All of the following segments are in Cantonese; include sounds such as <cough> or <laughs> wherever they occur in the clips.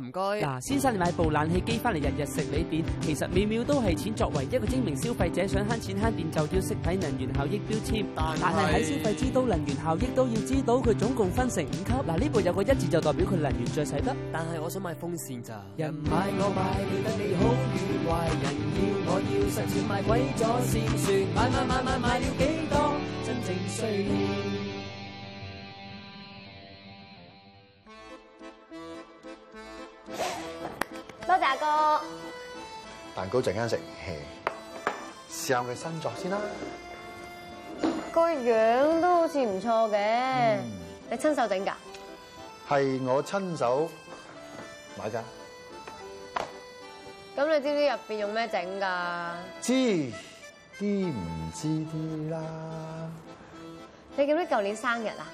唔該。嗱、啊，先生你買部冷氣機翻嚟日日食你電，其實每秒都係錢。作為一個精明消費者，想慳錢慳電就要識睇能源效益標籤。但係喺消費之都，能源效益都要知道佢總共分成五級。嗱呢、啊、部有個一字就代表佢能源最使得。但係我想買風扇咋？人買我買，理得你好與壞。壞人要我要，塞錢買鬼咗先算。買買買買買，買了幾多？真正需要。糕陣間食，試下佢新作先啦。個樣都好似唔錯嘅，你親手整㗎？係我親手買㗎。咁你知唔知入邊用咩整㗎？知啲唔知啲啦。你記唔記得舊年生日啊？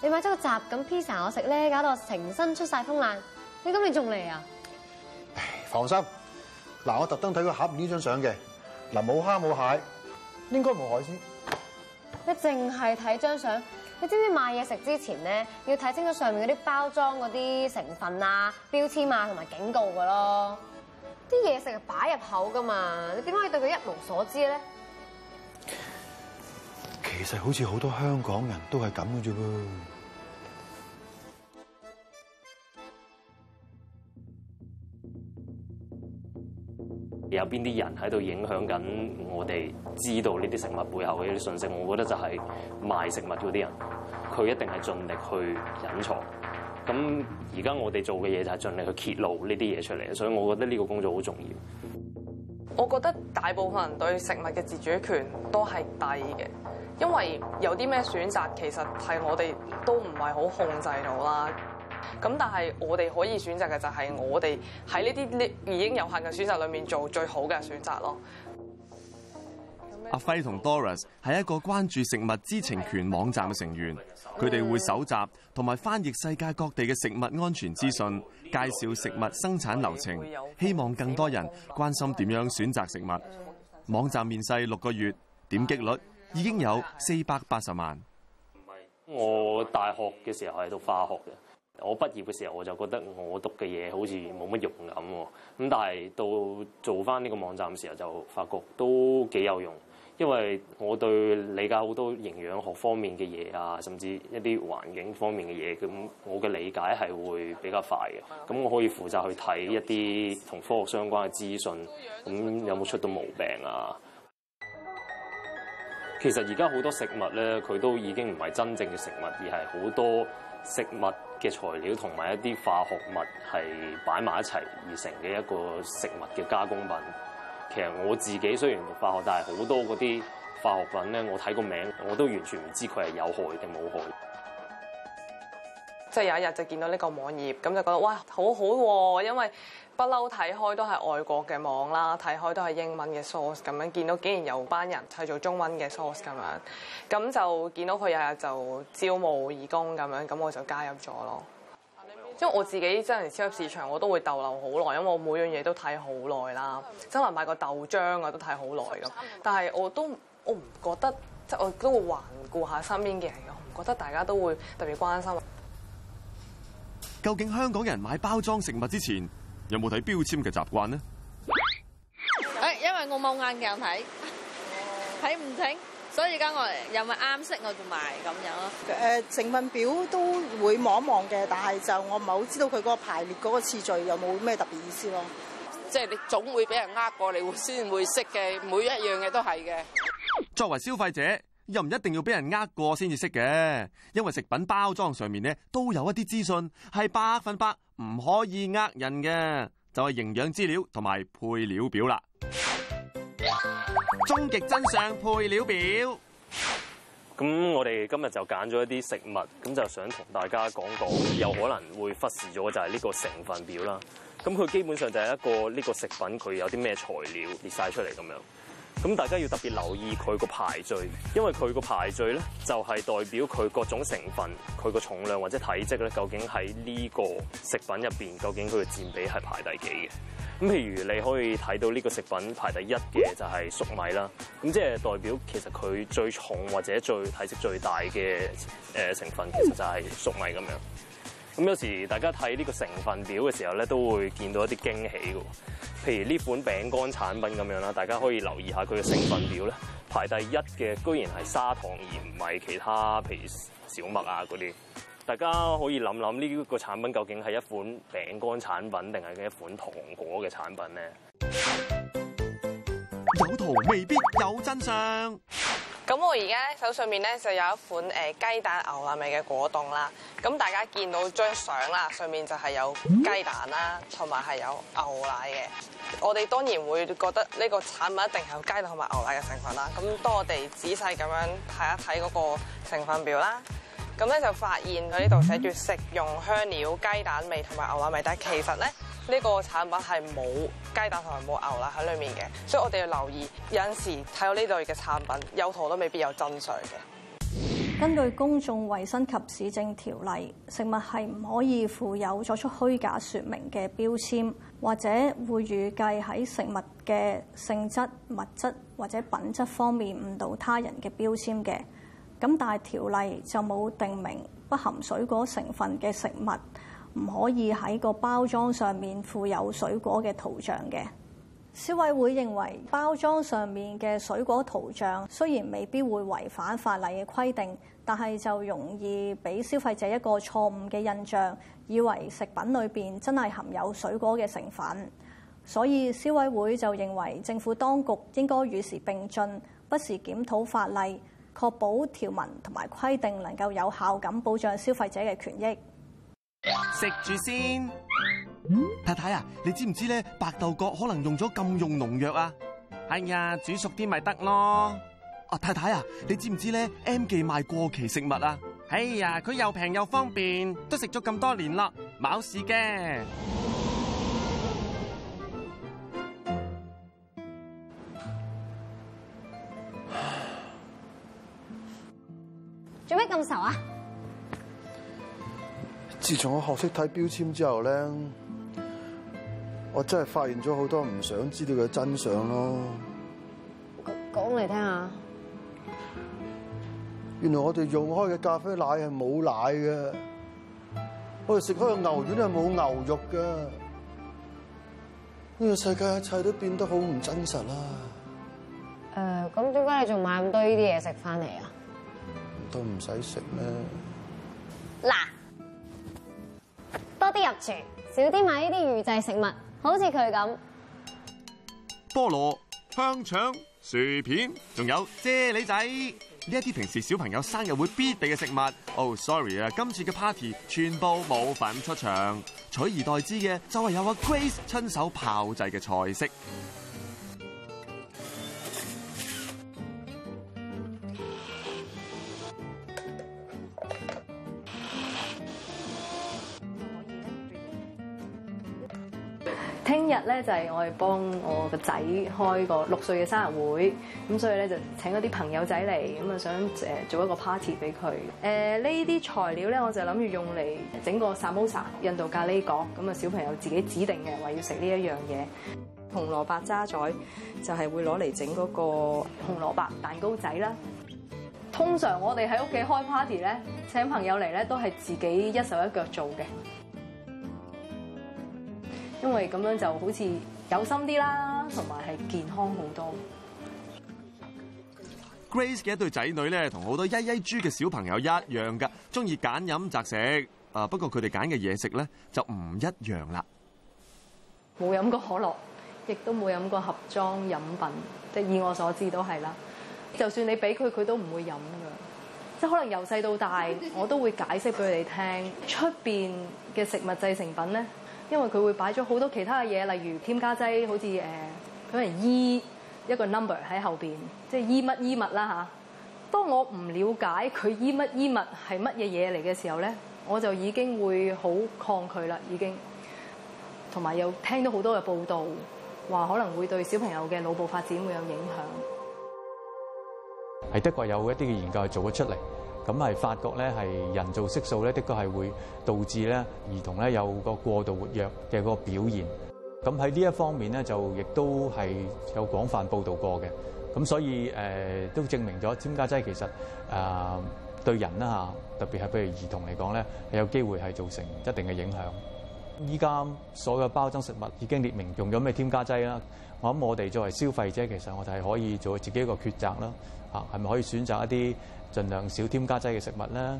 你買咗個雜錦 pizza 我食咧，搞到我成身出曬風癩。你今次仲嚟啊？唉，放心。嗱，我特登睇佢盒面呢張相嘅，嗱，冇蝦冇蟹，應該冇海鮮。你淨係睇張相，你知唔知買嘢食之前咧，要睇清楚上面嗰啲包裝嗰啲成分啊標籤啊、同埋警告噶咯，啊？啲嘢食係擺入口噶嘛，你點可以對佢一無所知咧？其實好似好多香港人都係咁嘅啫噃。有邊啲人喺度影響緊我哋知道呢啲食物背後嘅一啲信息？我覺得就係賣食物嗰啲人，佢一定係盡力去隱藏。咁而家我哋做嘅嘢就係盡力去揭露呢啲嘢出嚟，所以我覺得呢個工作好重要。我覺得大部分人對食物嘅自主權都係低嘅，因為有啲咩選擇其實係我哋都唔係好控制到啦。咁但係我哋可以選擇嘅就係我哋喺呢啲呢，已經有限嘅選擇裏面做最好嘅選擇咯。阿輝同 Doris 係一個關注食物知情權網站嘅成員，佢哋會搜集同埋翻譯世界各地嘅食物安全資訊，介紹食物生產流程，希望更多人關心點樣選擇食物。網站面世六個月，點擊率已經有四百八十萬。唔係，我大學嘅時候係讀化學嘅。我畢業嘅時候我就覺得我讀嘅嘢好似冇乜用咁，咁但係到做翻呢個網站嘅時候就發覺都幾有用，因為我對理解好多營養學方面嘅嘢啊，甚至一啲環境方面嘅嘢，咁我嘅理解係會比較快嘅。咁我可以負責去睇一啲同科學相關嘅資訊，咁有冇出到毛病啊？其實而家好多食物呢，佢都已經唔係真正嘅食物，而係好多食物。嘅材料同埋一啲化學物係擺埋一齊而成嘅一個食物嘅加工品。其實我自己雖然讀化學，但係好多嗰啲化學品咧，我睇個名我都完全唔知佢係有害定冇害。即係有一日就見到呢個網頁，咁就覺得哇，好好喎、哦！因為不嬲睇開都係外國嘅網啦，睇開都係英文嘅 source 咁樣，見到竟然有班人係做中文嘅 source 咁樣，咁就見到佢日日就招募義工咁樣，咁我就加入咗咯。嗯、因為我自己真係超級市場，我都會逗留好耐，因為我每樣嘢都睇好耐啦。真係買個豆漿我都睇好耐咁，但係我都我唔覺得，即係我都會環顧下身邊嘅人，我唔覺得大家都會特別關心。究竟香港人買包裝食物之前有冇睇標籤嘅習慣呢？誒，因為我冇眼鏡睇，睇唔清，所以而家我又咪啱識我同埋咁樣咯。誒、呃，成分表都會望一望嘅，但係就我唔係好知道佢個排列嗰個次序有冇咩特別意思咯。即係你總會俾人呃過你會先會識嘅，每一樣嘢都係嘅。作為消費者。又唔一定要俾人呃過先至識嘅，因為食品包裝上面咧都有一啲資訊係百分百唔可以呃人嘅，就係營養資料同埋配料表啦。終極真相配料表。咁我哋今日就揀咗一啲食物，咁就想同大家講講，有可能會忽視咗就係呢個成分表啦。咁佢基本上就係一個呢個食品佢有啲咩材料列晒出嚟咁樣。咁大家要特別留意佢個排序，因為佢個排序咧就係代表佢各種成分佢個重量或者體積咧，究竟喺呢個食品入面，究竟佢嘅佔比係排第幾嘅。咁譬如你可以睇到呢個食品排第一嘅就係粟米啦，咁即係代表其實佢最重或者最體積最大嘅誒成分其實就係粟米咁樣。咁有時大家睇呢個成分表嘅時候咧，都會見到一啲驚喜嘅。譬如呢款餅乾產品咁樣啦，大家可以留意下佢嘅成分表咧，排第一嘅居然係砂糖，而唔係其他譬如小麥啊嗰啲。大家可以諗諗呢個產品究竟係一款餅乾產品定係一款糖果嘅產品咧？有圖未必有真相。咁我而家咧手上面咧就有一款誒雞蛋牛奶味嘅果凍啦。咁大家見到張相啦，上面就係有雞蛋啦，同埋係有牛奶嘅。我哋當然會覺得呢個產品一定係有雞蛋同埋牛奶嘅成分啦。咁當我哋仔細咁樣睇一睇嗰個成分表啦。咁咧就發現佢呢度寫住食用香料、雞蛋味同埋牛奶味，但係其實咧呢個產品係冇雞蛋同埋冇牛奶喺裏面嘅，所以我哋要留意有陣時睇到呢類嘅產品，有圖都未必有真相嘅。根據《公眾衛生及市政條例》，食物係唔可以附有作出虛假說明嘅標籤，或者會預計喺食物嘅性質、物質或者品質方面誤導他人嘅標籤嘅。咁但係條例就冇定明不含水果成分嘅食物唔可以喺個包裝上面附有水果嘅圖像嘅。消委會認為包裝上面嘅水果圖像雖然未必會違反法例嘅規定，但係就容易俾消費者一個錯誤嘅印象，以為食品裏面真係含有水果嘅成分。所以消委會就認為政府當局應該與時並進，不時檢討法例。確保條文同埋規定能夠有效咁保障消費者嘅權益。食住先，太太啊，你知唔知咧白豆角可能用咗禁用農藥啊？哎呀，煮熟啲咪得咯。啊太太啊，你知唔知咧 M 記賣過期食物啊？哎呀，佢又平又方便，都食咗咁多年啦，冇事嘅。自從我學識睇標籤之後咧，我真係發現咗好多唔想知道嘅真相咯。講嚟聽下，原來我哋用開嘅咖啡奶係冇奶嘅，我哋食開嘅牛丸係冇牛肉㗎，呢個世界一切都變得好唔真實啦。誒，咁點解你仲買咁多呢啲嘢食翻嚟啊？都唔使食咩？嗱。入廚，少啲買呢啲預製食物，好似佢咁。菠蘿、香腸、薯片，仲有啫喱仔，呢一啲平時小朋友生日會必備嘅食物。哦，sorry 啊，今次嘅 party 全部冇份出場，取而代之嘅就係有阿 Grace 親手炮製嘅菜式。聽日咧就係我哋幫我個仔開個六歲嘅生日會，咁所以咧就請一啲朋友仔嚟，咁啊想誒做一個 party 俾佢。誒呢啲材料咧，我就諗住用嚟整個 samosa 印度咖喱角，咁啊小朋友自己指定嘅話要食呢一樣嘢。紅蘿蔔渣仔就係會攞嚟整嗰個紅蘿蔔蛋糕仔啦。通常我哋喺屋企開 party 咧，請朋友嚟咧都係自己一手一腳做嘅。因為咁樣就好似有心啲啦，同埋係健康好多。Grace 嘅一對仔女咧，同好多一一 G 嘅小朋友一樣噶，中意揀飲擇食。啊，不過佢哋揀嘅嘢食咧就唔一樣啦。冇飲過可樂，亦都冇飲過盒裝飲品，即係以我所知都係啦。就算你俾佢，佢都唔會飲㗎。即係可能由細到大，我都會解釋俾佢哋聽，出邊嘅食物製成品咧。因為佢會擺咗好多其他嘅嘢，例如添加劑，好似誒佢係依一個 number 喺後邊，即係依乜依物啦嚇、啊。當我唔了解佢依乜依物係乜嘢嘢嚟嘅時候咧，我就已經會好抗拒啦，已經。同埋有又聽到好多嘅報道，話可能會對小朋友嘅腦部發展會有影響。喺德國有一啲嘅研究做咗出嚟。咁係發覺咧，係人造色素咧，的確係會導致咧兒童咧有個過度活躍嘅嗰個表現。咁喺呢一方面咧，就亦都係有廣泛報導過嘅。咁所以，呃，都證明咗添加劑其實誒，呃，對人啦嚇，特別係譬如兒童嚟講咧，係有機會係造成一定嘅影響。依家所有包裝食物已經列明用咗咩添加劑啦。我諗我哋作為消費者，其實我哋係可以做自己一個抉擇啦。嚇，係咪可以選擇一啲？儘量少添加劑嘅食物啦。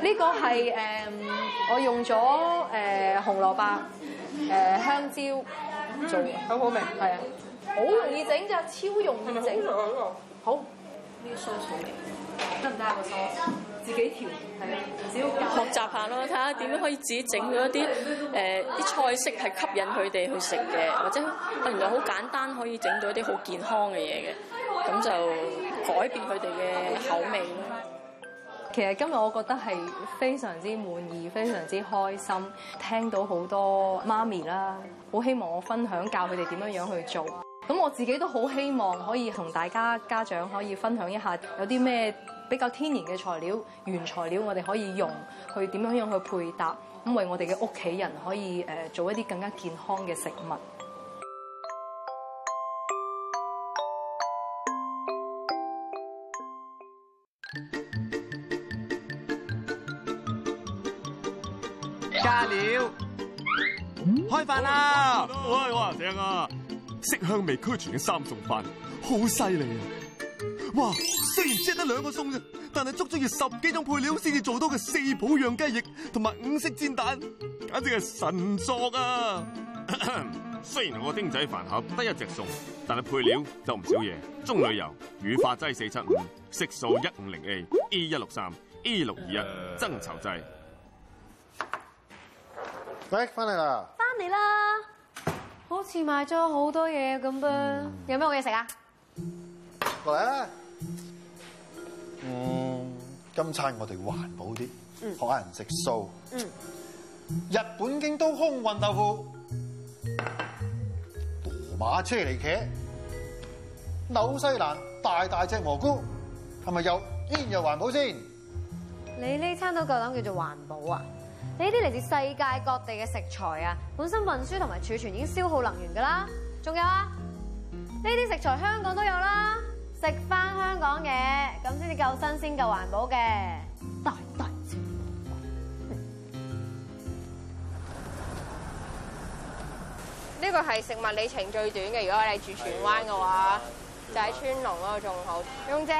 呢一個係誒，嗯、我用咗誒、呃、紅蘿蔔、誒、呃、香蕉、嗯、做，很好好味，係啊的，好容易整就超容易整，是是很好呢、啊這個蔬菜味。好得唔得啊？個鎖自己調係唔少教。學習下咯，睇下點樣可以自己整到一啲誒啲菜式係吸引佢哋去食嘅，或者原來好簡單可以整到一啲好健康嘅嘢嘅，咁就改變佢哋嘅口味。其實今日我覺得係非常之滿意，非常之開心，聽到好多媽咪啦，好希望我分享教佢哋點樣樣去做。咁我自己都好希望可以同大家家長可以分享一下，有啲咩比較天然嘅材料、原材料我哋可以用，去點樣樣去配搭，咁為我哋嘅屋企人可以、呃、做一啲更加健康嘅食物。加料，開飯啦！哇哇正啊！色香味俱全嘅三餸飯，好犀利啊！哇，雖然只得兩個餸啫，但係足足要十幾種配料先至做到嘅四寶釀雞翼同埋五色煎蛋，簡直係神作啊！咳咳，雖然我個丁仔飯盒得一隻餸，但係配料就唔少嘢，棕櫚油、乳化劑四七五、色素一五零 A、E 一六三、E 六二一，增稠劑。喂，翻嚟啦！翻嚟啦！好似買咗好多嘢咁噃，有咩好嘢食啊？嚟啦！嗯，今餐我哋環保啲，學下人食素。嗯，日本京都空運豆腐，羅馬車厘茄，紐西蘭大大隻蘑菇，係咪又煙又環保先？你呢餐都夠膽叫做環保啊？呢啲嚟自世界各地嘅食材啊，本身運輸同埋儲存已經消耗能源㗎啦，仲有啊，呢啲食材香港都有啦，食翻香港嘢咁先至夠新鮮夠環保嘅。代代傳。呢個係食物里程最短嘅，如果你住荃灣嘅話，就喺川龍嗰度仲好。勇姐。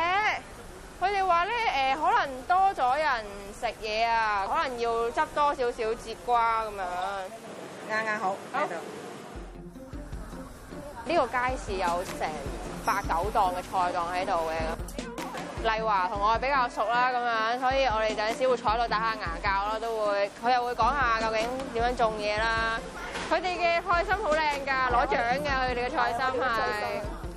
佢哋話咧誒，可能多咗人食嘢啊，可能要執多少少節瓜咁樣，啱啱好，呢個街市有成八九檔嘅菜檔喺度嘅。麗華同我比較熟啦，咁樣，所以我哋第陣時會坐喺度打下牙鉸啦，都會佢又會講下究竟點樣種嘢啦。佢哋嘅菜心好靚㗎，攞獎嘅，佢哋嘅菜心係。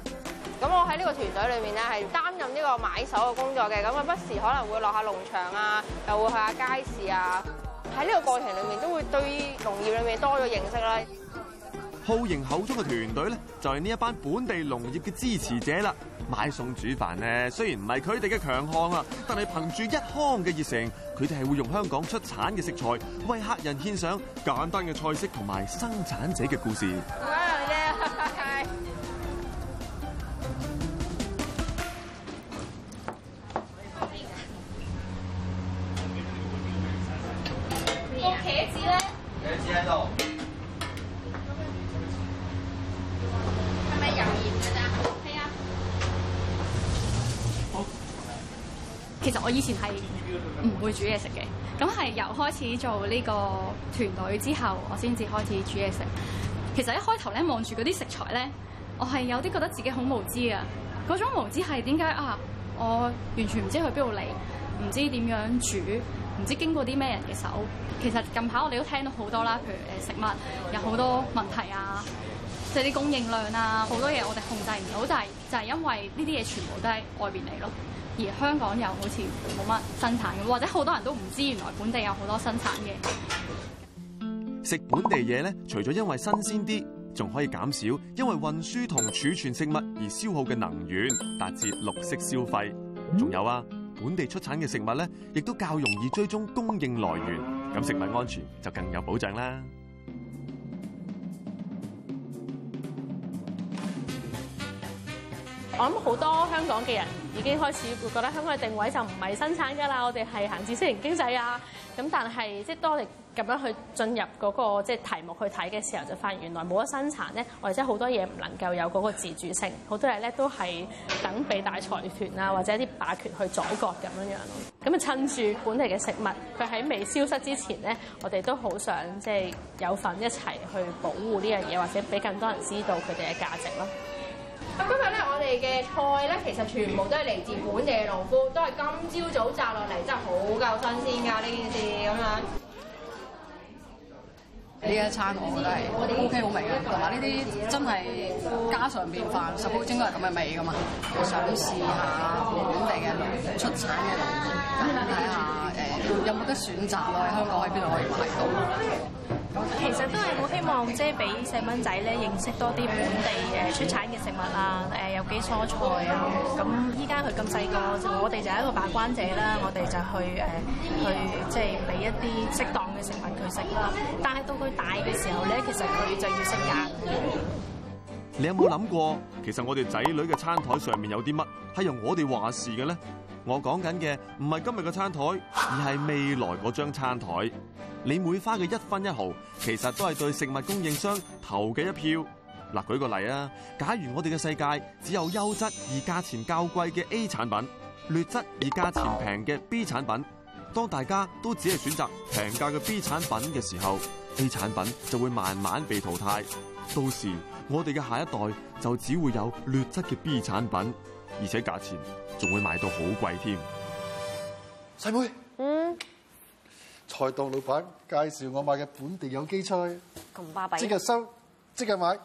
咁我喺呢個團隊裏面咧，係擔任呢個買手嘅工作嘅，咁不時可能會落下農場啊，又會去下街市啊。喺呢個過程裏面，都會對農業裏面多咗認識啦。浩瑩口中嘅團隊咧，就係呢一班本地農業嘅支持者啦。買餸煮飯咧，雖然唔係佢哋嘅強項啊，但係憑住一腔嘅熱誠，佢哋係會用香港出產嘅食材，為客人獻上簡單嘅菜式同埋生產者嘅故事。係唔會煮嘢食嘅，咁係由開始做呢個團隊之後，我先至開始煮嘢食。其實一開頭咧，望住嗰啲食材咧，我係有啲覺得自己好無知啊！嗰種無知係點解啊？我完全唔知去邊度嚟，唔知點樣煮，唔知經過啲咩人嘅手。其實近排我哋都聽到好多啦，譬如誒食物有好多問題啊，即係啲供應量啊，好多嘢我哋控制唔到，但係就係、就係因為呢啲嘢全部都喺外邊嚟咯。而香港又好似冇乜生產嘅，或者好多人都唔知原來本地有好多生產嘅。食本地嘢咧，除咗因為新鮮啲，仲可以減少因為運輸同儲存食物而消耗嘅能源，達至綠色消費。仲有啊，本地出產嘅食物咧，亦都較容易追蹤供應來源，咁食物安全就更有保障啦。我諗好多香港嘅人已經開始會覺得香港嘅定位就唔係生產㗎啦，我哋係行知識型經濟啊。咁但係即係當你咁樣去進入嗰個即係題目去睇嘅時候，就發現原來冇咗生產咧，我哋真係好多嘢唔能夠有嗰個自主性，好多嘢咧都係等俾大財團啊或者一啲霸權去宰割咁樣樣咯。咁啊趁住本地嘅食物，佢喺未消失之前咧，我哋都好想即係有份一齊去保護呢樣嘢，或者俾更多人知道佢哋嘅價值咯。咁今日咧，我哋嘅菜咧，其實全部都係嚟自本地嘅農夫，都係今朝早摘落嚟，真係好夠新鮮㗎！呢件事咁樣，呢一餐我覺得係 OK，我們好味嘅。同埋呢啲真係家常便飯，食好、嗯、應該係咁嘅味噶嘛。我、嗯、想試下本地嘅、嗯、農出產嘅農，咁睇下誒有冇得選擇咯。嗯、喺香港喺邊度可以買到？嗯嗯嗯嗯其實都係好希望，即係俾細蚊仔咧認識多啲本地誒出產嘅食物啊！誒有機蔬菜啊！咁依家佢咁細個，我們就我哋就係一個把關者啦。我哋就去誒去即係俾一啲適當嘅食物佢食啦。但係到佢大嘅時候咧，其實佢就要識揀。你有冇諗過，其實我哋仔女嘅餐台上面有啲乜係由我哋話事嘅咧？我講緊嘅唔係今日嘅餐台，而係未來嗰張餐台。你每花嘅一分一毫，其實都係對食物供應商投嘅一票。嗱，舉個例啊，假如我哋嘅世界只有優質而價錢較貴嘅 A 產品，劣質而價錢平嘅 B 產品，當大家都只係選擇平價嘅 B 產品嘅時候，A 產品就會慢慢被淘汰。到時我哋嘅下一代就只會有劣質嘅 B 產品。而且價錢仲會賣到好貴添，細妹，嗯，菜檔老闆介紹我買嘅本地有機菜，咁巴閉，即刻收，即刻買，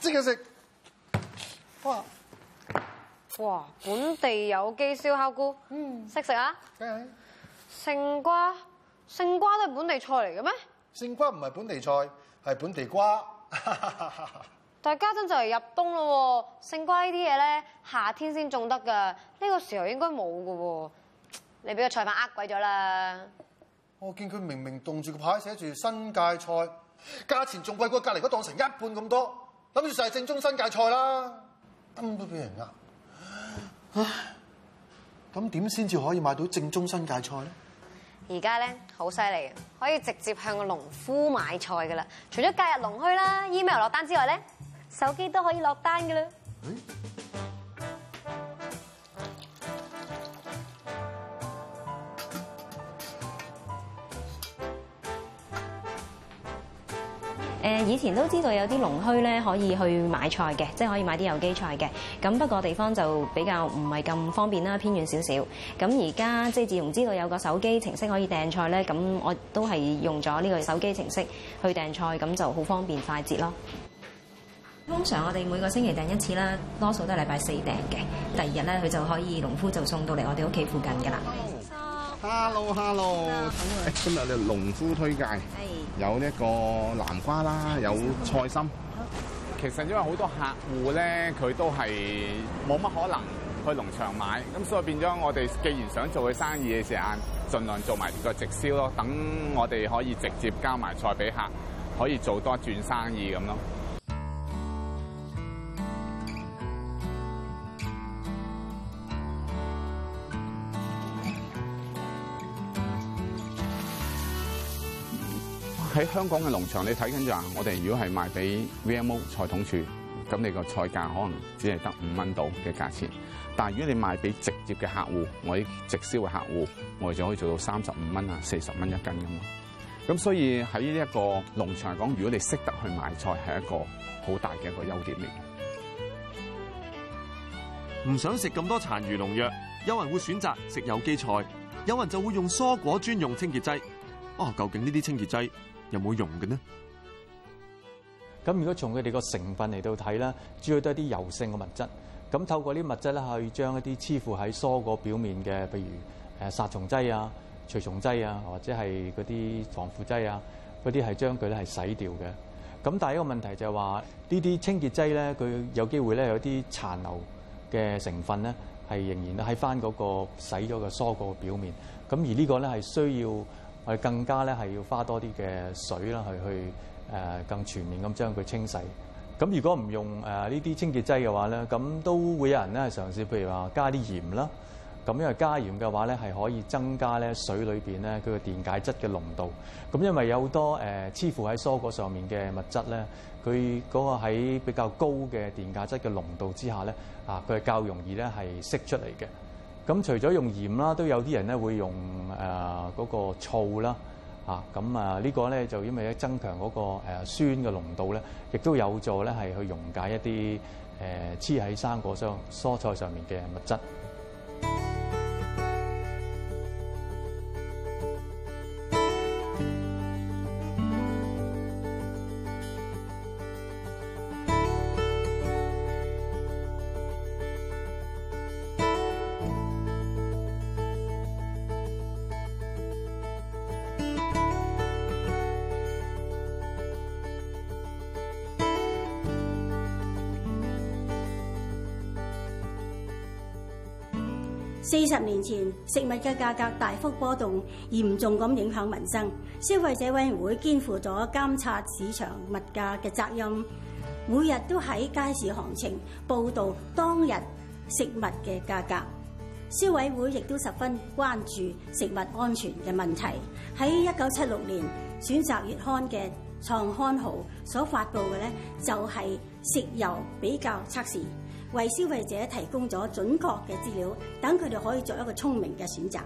即刻食。哇哇，本地有機燒烤菇，嗯，識食啊？梗係的，勝瓜，勝瓜都係本地菜嚟嘅咩？勝瓜唔係本地菜，係本地瓜。 <laughs> 但家陣就嚟入冬咯，喎，勝瓜呢啲嘢咧，夏天先種得噶。呢、這個時候應該冇噶。你俾個菜販呃鬼咗啦！我見佢明明凍住個牌，寫住新界菜，價錢仲貴過隔籬嗰檔成一半咁多，諗住就係正宗新界菜啦。咁都俾人呃，唉，咁點先至可以買到正宗新界菜咧？而家咧好犀利，可以直接向個農夫買菜噶啦。除咗假日農墟啦，email 落單之外咧。手機都可以落單嘅啦。誒，以前都知道有啲農墟咧可以去買菜嘅，即係可以買啲有機菜嘅。咁不過地方就比較唔係咁方便啦，偏遠少少。咁而家即係自從知道有個手機程式可以訂菜咧，咁我都係用咗呢個手機程式去訂菜，咁就好方便快捷咯。通常我哋每個星期訂一次啦，多數都係禮拜四訂嘅。第二日咧，佢就可以農夫就送到嚟我哋屋企附近㗎啦。Hello, hello, 今日嘅農夫推介 Hey. 有呢個南瓜啦，有菜心。Okay. 其實因為好多客戶咧，佢都係冇乜可能去農場買，咁所以變咗我哋，既然想做嘅生意嘅時間，儘量做埋個直銷咯。等我哋可以直接交埋菜俾客，可以做多一轉生意咁咯。喺香港嘅農場，你睇緊就話，我哋如果係賣俾 VMO 菜統處，咁你個菜價可能只係得五蚊到嘅價錢。但係如果你賣俾直接嘅客戶，我啲直銷嘅客戶，我哋就可以做到三十五蚊啊，四十蚊一斤咁。咁所以喺呢一個農場嚟講，如果你識得去賣菜，係一個好大嘅一個優點嚟。唔想食咁多殘餘農藥，有人會選擇食有機菜，有人就會用蔬果專用清潔劑。啊、哦，究竟呢啲清潔劑有冇用嘅呢？咁如果從佢哋個成分嚟到睇啦，主要都係啲油性嘅物質。咁透過啲物質咧，去將一啲黐附喺蔬果表面嘅，譬如誒殺蟲劑啊、除蟲劑啊，或者係嗰啲防腐劑啊，嗰啲係將佢咧係洗掉嘅。咁但係一個問題就係話，呢啲清潔劑咧，佢有機會咧有啲殘留嘅成分咧，係仍然喺翻嗰個洗咗個蔬果表面。咁而呢個咧係需要。我更加咧係要花多啲嘅水啦，去去誒更全面咁將佢清洗。咁如果唔用誒呢啲清潔劑嘅話咧，咁都會有人咧係嘗試，譬如話加啲鹽啦。咁因為加鹽嘅話咧，係可以增加咧水裏邊咧佢嘅電解質嘅濃度。咁因為有好多誒、呃，黐附喺蔬果上面嘅物質咧，佢嗰個喺比較高嘅電解質嘅濃度之下咧，啊，佢係較容易咧係釋出嚟嘅。咁除咗用鹽啦，都有啲人咧會用誒嗰、呃嗰個醋啦，嚇咁啊，個呢個咧就因為一增強嗰、嗰個、呃、酸嘅濃度咧，亦都有助咧係去溶解一啲誒黐喺生果上蔬菜上面嘅物質。年前食物嘅價格大幅波動，嚴重咁影響民生。消費者委員會肩負咗監察市場物價嘅責任，每日都喺街市行情報道當日食物嘅價格。消委會亦都十分關注食物安全嘅問題。喺一九七六年，選擇月刊嘅創刊號所發佈嘅咧，就係食油比較測試。為消費者提供咗準確嘅資料，等佢哋可以作一個聰明嘅選擇。